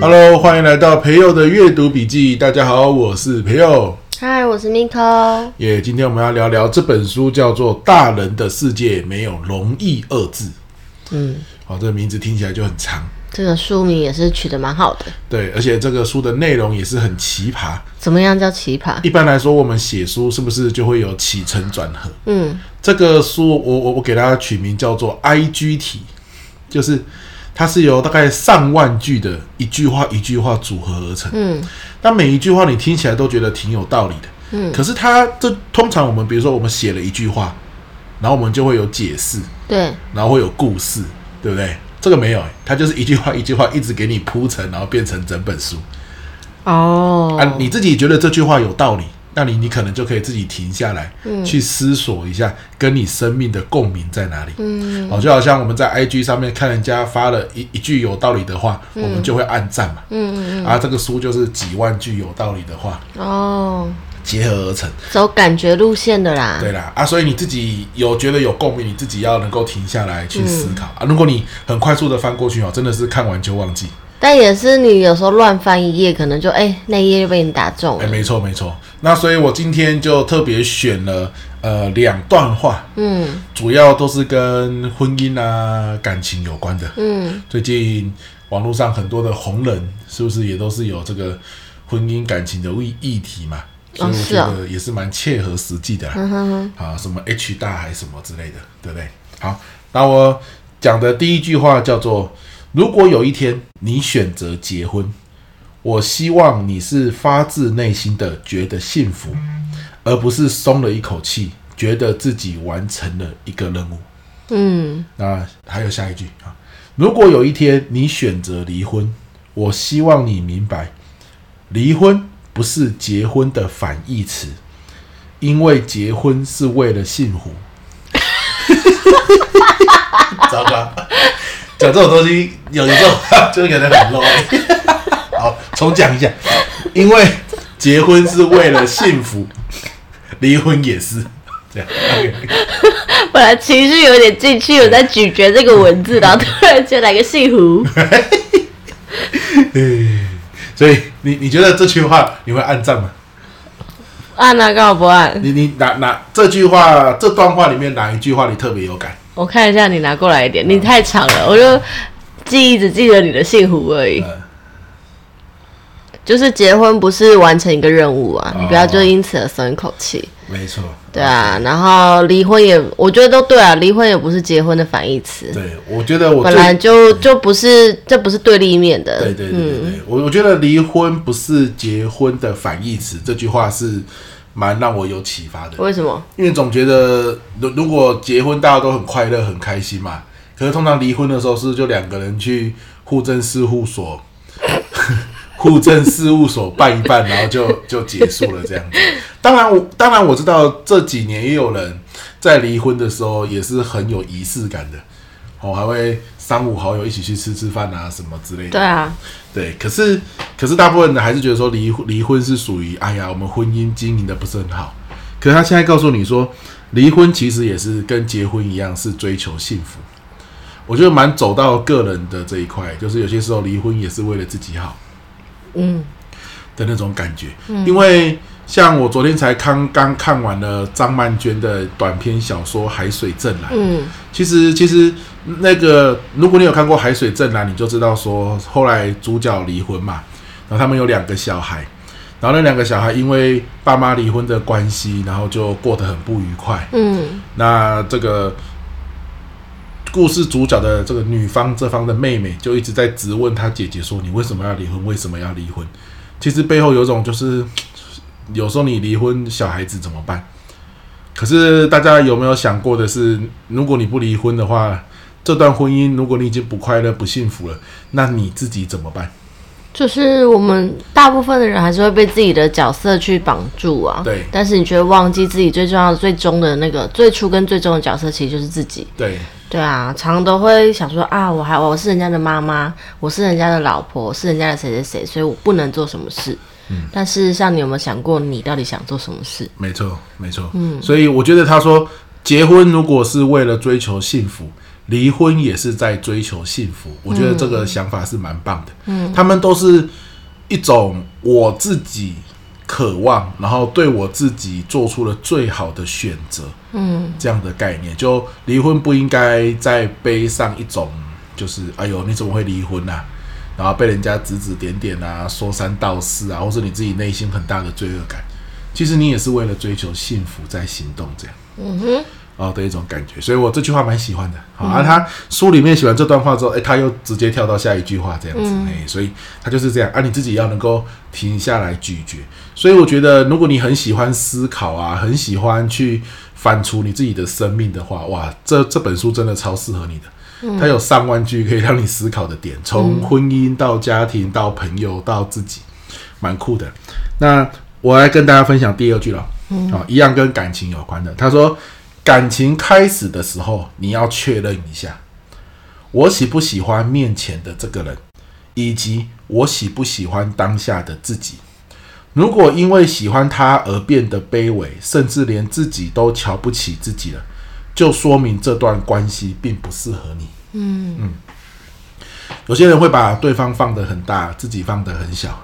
Hello，歡迎來到培佑的閱讀筆記。大家好，我是培佑。Hi，我是 Miko。耶，yeah, 今天我們要聊聊這本書，叫做《大人的世界沒有容易二字》。嗯，好，哦，這名字聽起來就很長。這個書名也是取得蠻好的，對，而且這個書的內容也是很奇葩。怎麼樣叫奇葩？一般來說，我們寫書是不是就會有起承轉合？嗯，這個書我我我給大家取名叫做 “IG 體”，就是它是由大概上萬句的一句話一句話組合而成。嗯，那每一句話你聽起來都覺得挺有道理的。嗯，可是它這通常我們比如說我們寫了一句話，然後我們就會有解釋，對，然後會有故事，對不對？這個沒有，它就是一句話一句話一直給你鋪成，然後變成整本書。哦，oh. 啊，你自己覺得這句話有道理，那你你可能就可以自己停下來，嗯、去思索一下跟你生命的共鳴在哪裡。嗯，哦、啊，就好像我們在 IG 上面看人家發了一一句有道理的話，嗯、我們就會按讚嘛。嗯嗯嗯。啊，這個書就是幾萬句有道理的話。哦。Oh. 結合而成，走感覺路線的啦，對啦啊，所以你自己有覺得有共鳴，你自己要能夠停下來去思考、嗯、啊。如果你很快速的翻過去哦，真的是看完就忘記。但也是你有時候亂翻一頁，可能就哎那一頁就被你打中了。哎，沒錯沒錯。那所以我今天就特別選了呃兩段話，嗯，主要都是跟婚姻啊感情有關的。嗯，最近網絡上很多的紅人，是不是也都是有這個婚姻感情的議議題嘛？所以我覺得也是蠻切合實際的啊、哦，哦、啊，什麼 H 大還是什麼之類的，對不對？好，那我講的第一句話叫做：如果有一天你選擇結婚，我希望你是發自內心的覺得幸福，而不是鬆了一口氣，覺得自己完成了一個任務。嗯，那還有下一句啊：如果有一天你選擇離婚，我希望你明白，離婚。不是結婚的反義詞，因為結婚是為了幸福，知道嗎？講這種東西，有點就有時候就是感覺很 low、欸。好，重講一下，因為結婚是為了幸福，離婚也是這樣。Okay、本來情緒有點進去，我在咀嚼這個文字，然後突然就來個幸福。 對所以你，你你覺得這句話你會按讚嗎？按啊，幹嘛不按？你你哪哪這句話，這段話裡面哪一句話你特別有感？我看一下，你拿過來一點，你太長了，嗯、我就記憶只記得你的幸福而已。嗯、就是結婚不是完成一個任務啊，嗯、你不要就因此而鬆一口氣。沒錯，對啊，然後離婚也，我覺得都對啊，離婚也不是結婚的反義詞。對，我覺得我本來就就不是，這不是對立面的。對，對對對對，我、嗯、我覺得離婚不是結婚的反義詞，這句話是蠻讓我有啟發的。為什麼？因為總覺得如如果結婚大家都很快樂很開心嘛，可是通常離婚的時候是就兩個人去戶政事務所，戶政 事務所辦一辦， 然後就就結束了這樣子。當然，我當然我知道這幾年也有人在離婚的時候也是很有儀式感的，我、哦、還會三五好友一起去吃吃飯啊什麼之類的。對啊，對。可是，可是大部分人還是覺得說離離婚是屬於哎呀，我們婚姻經營的不是很好。可是他現在告訴你說，離婚其實也是跟結婚一樣是追求幸福。我覺得蠻走到個人的這一塊，就是有些時候離婚也是為了自己好，嗯，的那種感覺，嗯、因為。像我昨天才剛剛看完了張曼娟的短篇小說《海水正藍》嗯其，其實其實那個，如果你有看過《海水正藍》啦，你就知道說後來主角離婚嘛，然後他們有兩個小孩，然後那兩個小孩因為爸媽離婚的關係，然後就過得很不愉快。嗯，那這個故事主角的這個女方這方的妹妹就一直在質問她姐姐說：“你為什麼要離婚？為什麼要離婚？”其實背後有一種就是。有時候你離婚，小孩子怎麼辦？可是大家有沒有想過的是，如果你不離婚的話，這段婚姻如果你已經不快樂、不幸福了，那你自己怎麼辦？就是我們大部分的人還是會被自己的角色去綁住啊。對，但是你卻忘記自己最重要的、最終的那個最初跟最終的角色，其實就是自己。對。對啊，常常都會想說啊，我還我是人家的媽媽，我是人家的老婆，我是人家的誰誰誰，所以我不能做什麼事。嗯，但事實上，你有沒有想過，你到底想做什麼事？沒錯，沒錯。嗯，所以我覺得他說，結婚如果是為了追求幸福，離婚也是在追求幸福。我覺得這個想法是蠻棒的。嗯，他們都是一種我自己渴望，然後對我自己做出了最好的選擇，嗯，這樣的概念，就離婚不應該再背上一種，就是哎呦，你怎麼會離婚啊？然後被人家指指點點啊，說三道四啊，或者你自己內心很大的罪惡感，其實你也是為了追求幸福在行動，這樣，嗯哼。哦的一種感覺，所以我這句話蠻喜歡的。好、啊，而、嗯啊、他書裡面寫完這段話之後，誒、欸，他又直接跳到下一句話這樣子，誒、嗯，所以他就是這樣。而、啊、你自己要能夠停下來咀嚼。所以我覺得，如果你很喜歡思考啊，很喜歡去反芻你自己的生命的話，哇，這這本書真的超適合你的。嗯、它有上萬句可以讓你思考的點，從婚姻到家庭到朋友到自己，蠻酷的。那我來跟大家分享第二句了。嗯，啊，一樣跟感情有關的。他說。感情開始的時候，你要確認一下，我喜不喜歡面前的這個人，以及我喜不喜歡當下的自己。如果因為喜歡他而變得卑微，甚至連自己都瞧不起自己了，就說明這段關係並不適合你。嗯嗯，有些人會把對方放得很大，自己放得很小。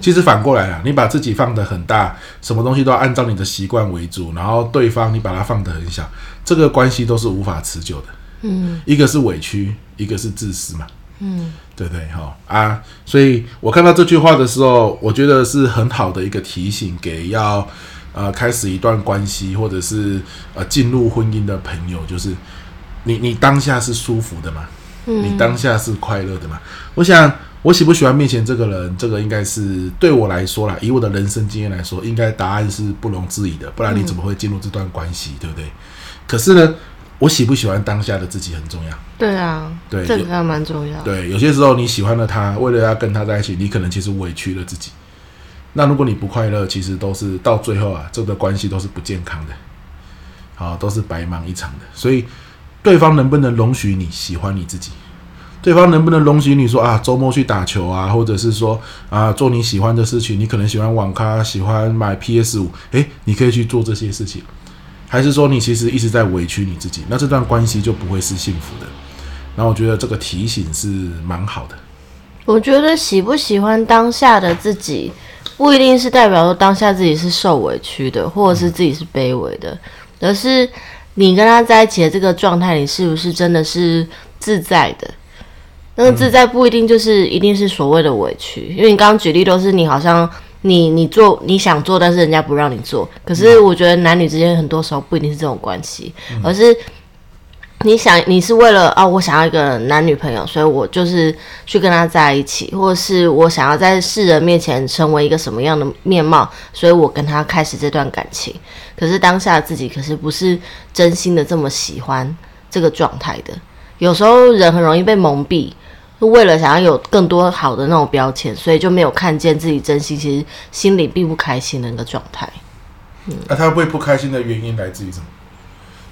其實反過來啊，你把自己放得很大，什麼東西都要按照你的習慣為主，然後對方你把它放得很小，這個關係都是無法持久的。嗯，一個是委屈，一個是自私嘛。嗯，對對哈、哦、啊，所以我看到這句話的時候，我覺得是很好的一個提醒，給要呃開始一段關係或者是呃進入婚姻的朋友，就是你你當下是舒服的嘛，嗯、你當下是快樂的嘛。我想。我喜不喜歡面前這個人，這個應該是對我來說啦，以我的人生經驗來說，應該答案是不容置疑的，不然你怎麼會進入這段關係，嗯、對不對？可是呢，我喜不喜歡當下的自己很重要。對啊，對，這個還蠻重要。對，有些時候你喜歡了他，為了要跟他在一起，你可能其實委屈了自己。那如果你不快樂，其實都是到最後啊，這個關係都是不健康的，好、哦，都是白忙一場的。所以，對方能不能容許你喜歡你自己？對方能不能容許你說啊，周末去打球啊，或者是說啊，做你喜歡的事情？你可能喜歡網咖，喜歡買 PS5，哎，你可以去做這些事情，還是說你其實一直在委屈你自己？那這段關係就不會是幸福的。那我覺得這個提醒是蠻好的。我覺得喜不喜歡當下的自己，不一定是代表說當下自己是受委屈的，或者是自己是卑微的，而是你跟他在一起的這個狀態裡，你是不是真的是自在的？那個自在不一定就是、嗯、一定是所謂的委屈，因為你剛剛舉例都是你好像你你做你想做，但是人家不讓你做。可是我覺得男女之間很多時候不一定是這種關係，嗯、而是你想你是為了啊、哦，我想要一個男女朋友，所以我就是去跟他在一起，或者是我想要在世人面前成為一個什麼樣的面貌，所以我跟他開始這段感情。可是當下自己可是不是真心的這麼喜歡這個狀態的，有時候人很容易被蒙蔽。為了想要有更多好的那種標籤，所以就沒有看見自己真心，其實心裡並不開心的一個狀態。那、嗯啊、他為不開心的原因來自於什麼？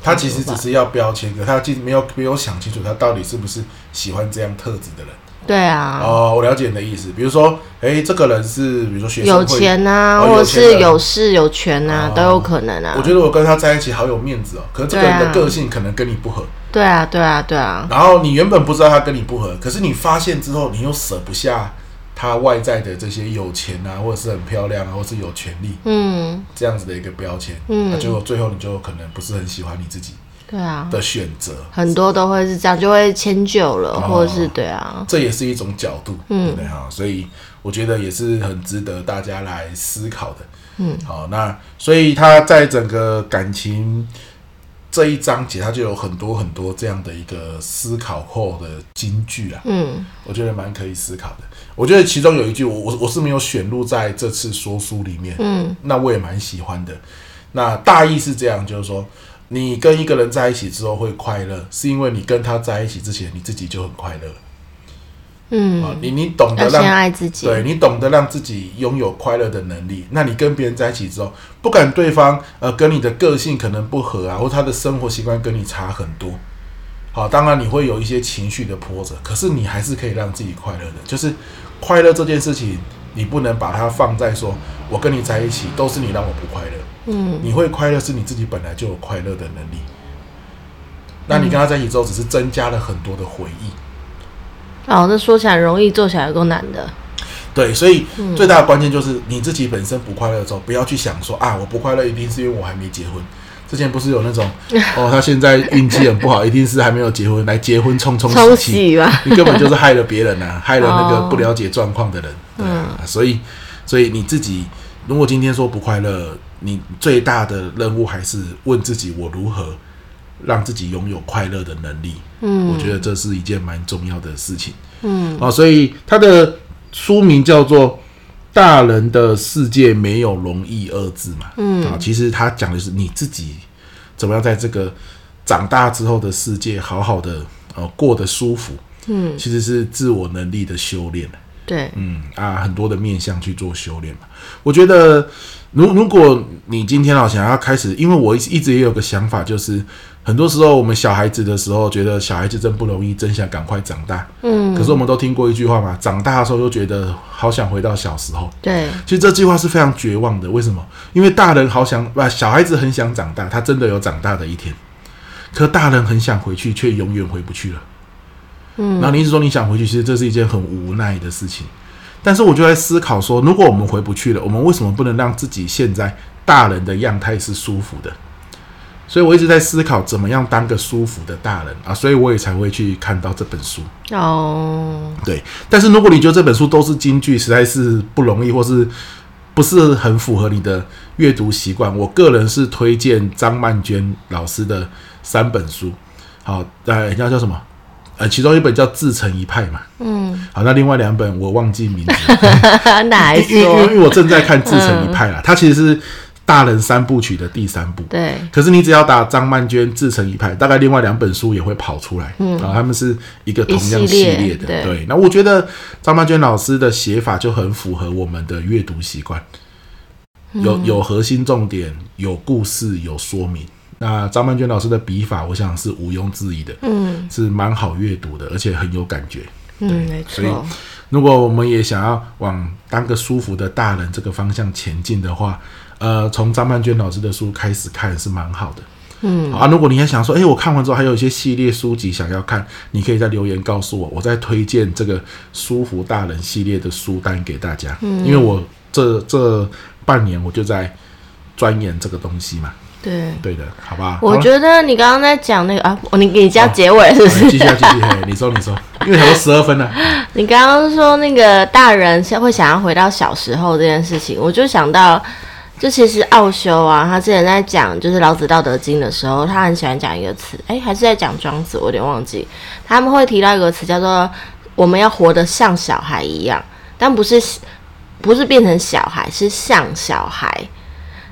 他其實只是要標籤，可他其實沒有沒有想清楚，他到底是不是喜歡這樣特質的人？對啊。哦，我了解你的意思。比如說，誒，這個人是比如說學生有錢啊，哦、錢或者是有勢有權啊，哦、都有可能啊。我覺得我跟他在一起好有面子哦，可是這個人的個性可能跟你不合。對啊，對啊，對啊。然後你原本不知道他跟你不合，可是你發現之後，你又捨不下他外在的這些有錢啊，或者是很漂亮啊，或者是有權利，嗯，這樣子的一個標籤，嗯，那就啊、最後你就可能不是很喜歡你自己，對啊，的選擇很多都會是這樣，就會遷就了，後或者是對啊，這也是一種角度，嗯，對啊，所以我覺得也是很值得大家來思考的，嗯，好，那所以他在整個感情。這一章節它就有很多很多這樣的一個思考後的金句啊，嗯，我覺得蠻可以思考的。我覺得其中有一句我我我是沒有選入在這次說書裡面，嗯，那我也蠻喜歡的。那大意是這樣，就是說你跟一個人在一起之後會快樂，是因為你跟他在一起之前你自己就很快樂。嗯，好，你你懂得讓先愛自己，對，你懂得讓自己擁有快樂的能力。那你跟別人在一起之後，不管對方呃跟你的個性可能不合啊，或他的生活習慣跟你差很多，好，當然你會有一些情緒的波折，可是你還是可以讓自己快樂的。就是快樂這件事情，你不能把它放在說我跟你在一起都是你讓我不快樂。嗯，你會快樂是你自己本來就有快樂的能力。那你跟他在一起之後，只是增加了很多的回憶。哦，那說起來容易，做起來有夠難的。對，所以最大的關鍵就是你自己本身不快樂的時候，不要去想說啊，我不快樂一定是因為我還沒結婚。之前不是有那種哦，他現在運氣很不好， 一定是還沒有結婚來結婚沖沖喜吧？ 你根本就是害了別人吶、啊，害了那個不了解狀況的人。對，嗯，所以，所以你自己如果今天說不快樂，你最大的任務還是問自己我如何。讓自己擁有快樂的能力，嗯，我覺得這是一件蠻重要的事情，嗯，啊，所以他的書名叫做《大人的世界沒有容易二字》嘛，嗯，啊，其實他講的是你自己怎麼樣在這個長大之後的世界好好的呃過得舒服，嗯，其實是自我能力的修煉，對，嗯，啊，很多的面向去做修煉嘛，我覺得。如如果你今天啊想要開始，因為我一直也有個想法，就是很多時候我們小孩子的時候覺得小孩子真不容易，真想趕快長大。嗯，可是我們都聽過一句話嘛，長大的時候又覺得好想回到小時候。對，其實這句話是非常絕望的。為什麼？因為大人好想，小孩子很想長大，他真的有長大的一天，可大人很想回去，卻永遠回不去了。嗯，那你是說你想回去？其實這是一件很無奈的事情。但是我就在思考說，如果我們回不去了，我們為什麼不能讓自己現在大人的樣態是舒服的？所以我一直在思考怎麼樣當個舒服的大人啊，所以我也才會去看到這本書哦。Oh. 對，但是如果你覺得這本書都是金句，實在是不容易，或是不是很符合你的閱讀習慣，我個人是推薦張曼娟老師的三本書。好，哎、呃，要叫什麼？呃，其中一本叫《自成一派》嘛，嗯，好，那另外兩本我忘記名字了， 哪一系？因為因為因為我正在看《自成一派》啦啊，嗯，它其實是《大人三部曲》的第三部，對。可是你只要打張曼娟《自成一派》，大概另外兩本書也會跑出來，嗯，啊，他們是一個同樣系列的，系列對，對。那我覺得張曼娟老師的寫法就很符合我們的閱讀習慣，有有核心重點，有故事，有說明。那張曼娟老師的筆法，我想是毋庸置疑的，嗯，是蠻好閱讀的，而且很有感覺，嗯，對沒錯。所以，如果我們也想要往當個舒服的大人這個方向前進的話，呃，從張曼娟老師的書開始看是蠻好的，嗯。啊，如果你也想說，哎，我看完之後還有一些系列書籍想要看，你可以在留言告訴我，我再推薦這個舒服大人系列的書單給大家，嗯，因為我這這半年我就在鑽研這個東西嘛。對對的，好吧。我覺得你剛剛在講那個啊，你給你加結尾、哦、是不是？記一下，記你說，你說，因為還有十二分呢。你剛剛說那個大人會想要回到小時候這件事情，我就想到，就其實奧修啊，他之前在講就是老子《道德經》的時候，他很喜歡講一個詞，哎，還是在講莊子，我有點忘記。他們會提到一個詞叫做“我們要活得像小孩一樣”，但不是不是變成小孩，是像小孩。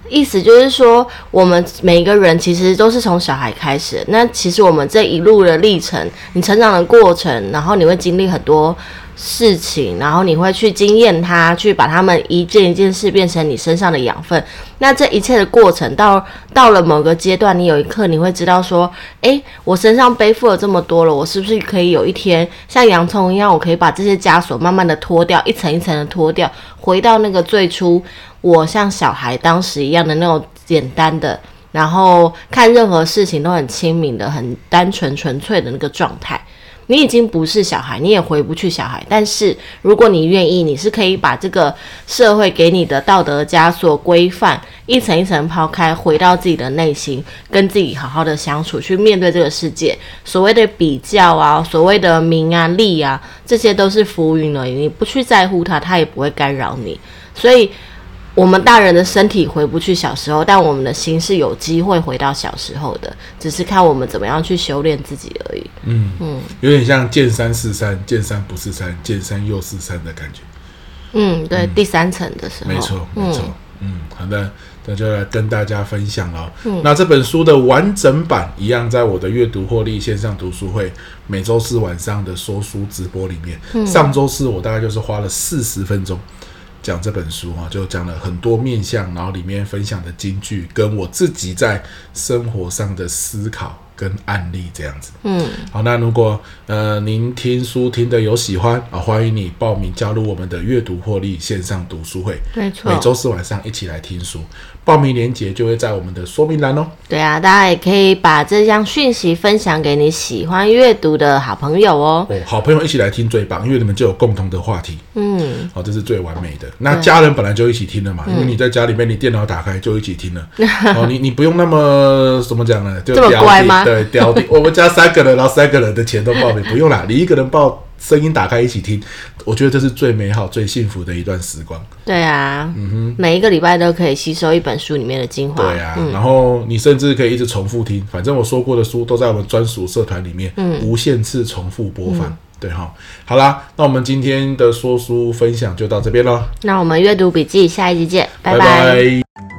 意思就是說，我們每一個人其實都是從小孩開始的。那其實我們這一路的歷程，你成長的過程，然後你會經歷很多事情，然後你會去經驗它，去把它們一件一件事變成你身上的養分。那這一切的過程到，到了某個階段，你有一刻你會知道說：“欸，我身上背負了這麼多了，我是不是可以有一天像洋蔥一樣，我可以把這些枷鎖慢慢的脫掉，一層一層的脫掉，回到那個最初。”我像小孩當時一樣的那種簡單的，然後看任何事情都很清明的、很單純純粹的那個狀態。你已經不是小孩，你也回不去小孩。但是如果你願意，你是可以把這個社會給你的道德枷鎖、規範一層一層拋開，回到自己的內心，跟自己好好的相處，去面對這個世界。所謂的比較啊，所謂的名啊、利啊，這些都是浮雲而已。你不去在乎它，它也不會干擾你。所以。我們大人的身體回不去小時候，但我們的心是有機會回到小時候的，只是看我們怎麼樣去修煉自己而已。嗯嗯，有點像見山是山，見山不是山，見山又是山的感覺。嗯，對，嗯、第三層的時候，沒錯，沒錯，嗯，嗯，好的，那就來跟大家分享了。嗯、那這本書的完整版一樣，在我的閱讀獲利線上讀書會每周四晚上的說書直播裡面。嗯、上周四我大概就是花了四十分鐘。講這本書啊，就講了很多面向，然後裡面分享的金句，跟我自己在生活上的思考。跟案例這樣子，嗯，好，那如果呃您聽書聽得有喜歡啊，歡迎你報名加入我們的閱讀獲利線上讀書會，沒錯，每周四晚上一起來聽書，報名鏈接就會在我們的說明欄哦。對啊，大家也可以把這項訊息分享給你喜歡閱讀的好朋友哦，好朋友一起來聽最棒，因為你們就有共同的話題，嗯，好、哦，這是最完美的。那家人本來就一起聽了嘛，嗯、因為你在家裡面你電腦打開就一起聽了，嗯、哦，你你不用那麼怎麼講呢，就這麼乖嗎？ 對，吊頂。我們家三個人，然後三個人的錢都報名，不用啦。你一個人報，聲音打開一起聽，我覺得這是最美好、最幸福的一段時光。對啊，嗯哼，每一個禮拜都可以吸收一本書裡面的精華。對啊，嗯、然後你甚至可以一直重複聽，反正我說過的書都在我們專屬社團裡面，嗯，無限次重複播放。嗯、對哈，好啦，那我們今天的說書分享就到這邊嘍。那我們閱讀筆記，下一集見，拜拜。拜拜。